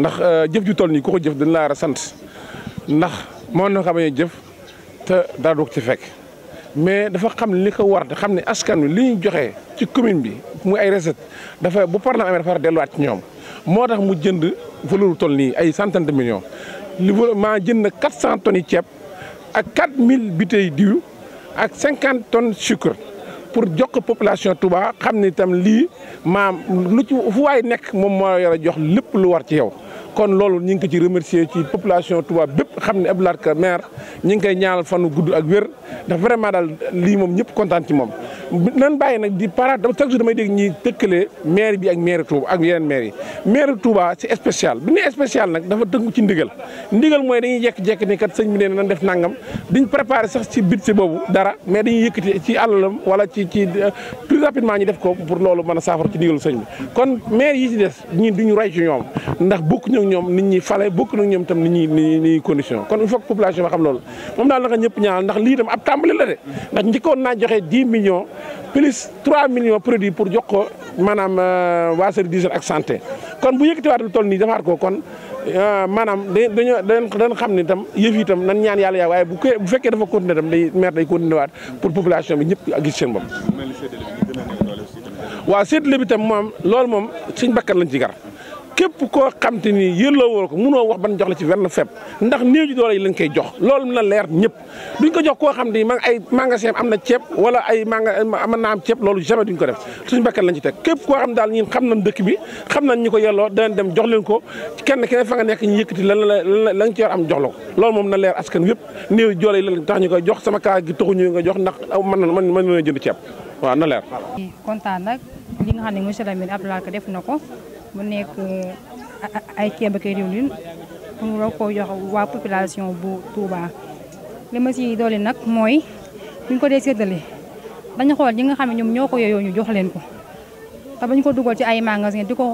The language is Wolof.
ndax euh, jëf ju toll nii ku ko jëf dañ la war sant ndax moo na xam jëf te dara du ci fekk mais dafa xam li ko war te xam ne askan wi li joxe ci commune bi muy ay recette dafa bu parlement amee dafa a delluwaat ci ñoom moo tax mu jënd valeur toll nii ay centaine de millions li maa jënd na 400 yi ceeb ak 4000 bouteilles diw ak 50 tonnes sucre pour jox ko population Touba xam ni itam lii maam lu ci fu waay nekk moom moo yor a jox lépp lu war ci yow. kon loolu ñu ngi ko ci remercier ci population tubaab bépp xam ne Abdou Lahad Ka maire ñu ngi koy ñaanal fanu gudd ak wér ndax vraiment daal lii moom ñëpp kontaan ci moom nan bàyyi nag di para chaque jour damay dégg ñi tëkkale maire bi ak maire Touba ak yeneen maire yi maire Touba c'est spécial bi ne spécial nag dafa tënku ci ndigal ndigal mooy dañuy jekk-jekk ni kat sëñ bi nee nan def nangam diñ préparé sax ci budget boobu dara mais dañuy yëkkati ci àllalam wala ci ci euh, plus rapidement ñu def ko pour loolu mën saafara ci ndigalu sëñ bi kon maire yi ci des ñi duñu roy ci ndax bokk ñoo ñoom nit ñi fale bokk nag ñoom itam nit ñi nit ñi condition kon il faut que population ba xam loolu moom daal naka ñëpp ñaanal ndax lii tam ab tàmbali la de ndax njëkkoon naa joxe 10 millions plus 3 millions produits pour jox ko maanaam euh, waa service d'hygiène ak santé kon bu yëkkatiwaat lu toll nii defaat ko kon euh, maanaam dañoo dañoo xam ne itam yëf yi nan ñaan yàlla yaa waaye bu bu fekkee dafa continuer itam day maire day continuer waat pour population bi ñëpp gis seen waa waaw séddale bi itam moom loolu moom suñ bakkan lañ ci gar. képp koo xam te ni woo ko munoo wax ban jox la ci wenn fepp ndax néew ji doole yi lañ koy jox loolu na leer ñëpp duñ ko jox koo xam te ni ma ay magasin am na ceeb wala ay manga mën naa am loolu jamais duñ ko def suñu bakkan lañ ci teg képp koo xam daal ñun xam nañ dëkk bi xam nañ ñu ko yelloo danañ dem jox leen ko kenn kenn fa nga nekk ñu yëkkati lan la la nga ci yor am jox la ko moom na leer askan wépp néew ji doole yi lañ koy jox sama kaa gi taxuñu nga jox ndax mën na mën na jënd ceeb waaw na leer kontaan li nga xam ne monsieur Lamine Abdoulaye Ka def na ko mu nekk ay ceeb ak diwlin mu war koo jox waa population bu Touba. li ma si doole nag mooy buñ ko dee séddale dañu xool ñi nga xam ne ñoom ñoo ko yooyoo ñu jox leen ko te bañ ko dugal ci ay magasin di ko